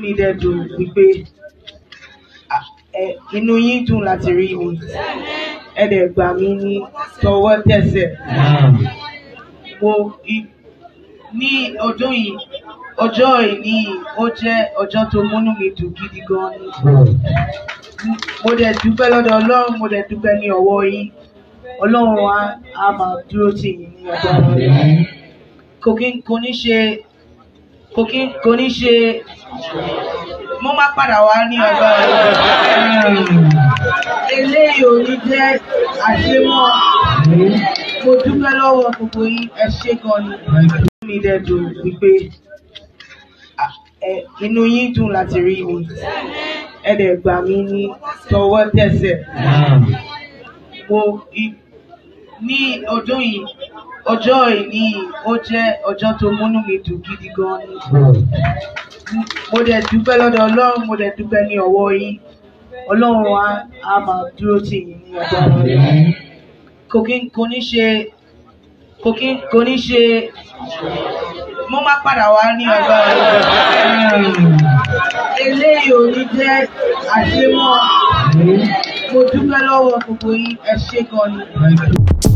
mi dẹ̀ dùn wípé inú yín dùn láti rí mi ẹ dẹ̀ gbà mí ní tọwọ́ tẹsẹ̀ mo ní ọdún yìí ọjọ́ ìní ó jẹ́ ọjọ́ tó múnú mi dùn gidi gan ni mo dẹ̀ dúpẹ́ lọ́dọ̀ ọlọ́run mo dẹ̀ dúpẹ́ ní ọwọ́ yín ọlọ́run á máa dúró tì yín ní ọjọ́ ìní cooking kò ní ṣe cooking kò ní ṣe mo máa padà wá ní ọjọ́ eléyìí ò ní jẹ́ àṣemọ́ mo dúpẹ́ lọ́wọ́ gbogbo yín ẹ ṣé gan ni mi dẹ̀ dùn wípé inú yín dùn láti rí mi ẹ dẹ̀ gbà mí ní tọwọ́ tẹsẹ̀ mo ní ọdún yìí ọjọ́ ìní ó jẹ́ ọjọ́ tó múnú mi dùn gidi gan ni mo dẹ̀ dúpẹ́ lọ́dọ̀ ọlọ́run mo dẹ̀ dúpẹ́ ní ọwọ́ yín ọlọ́run á máa dúró tì yín ní ọjọ́ rẹ̀ kò ní ṣe kò ní ṣe mo máa padà wá ní ọjọ́ rẹ̀ eléyìí ò ní jẹ́ àṣemọ́ mo dúpẹ́ lọ́wọ́ gbogbo yín ẹ ṣé gan ni.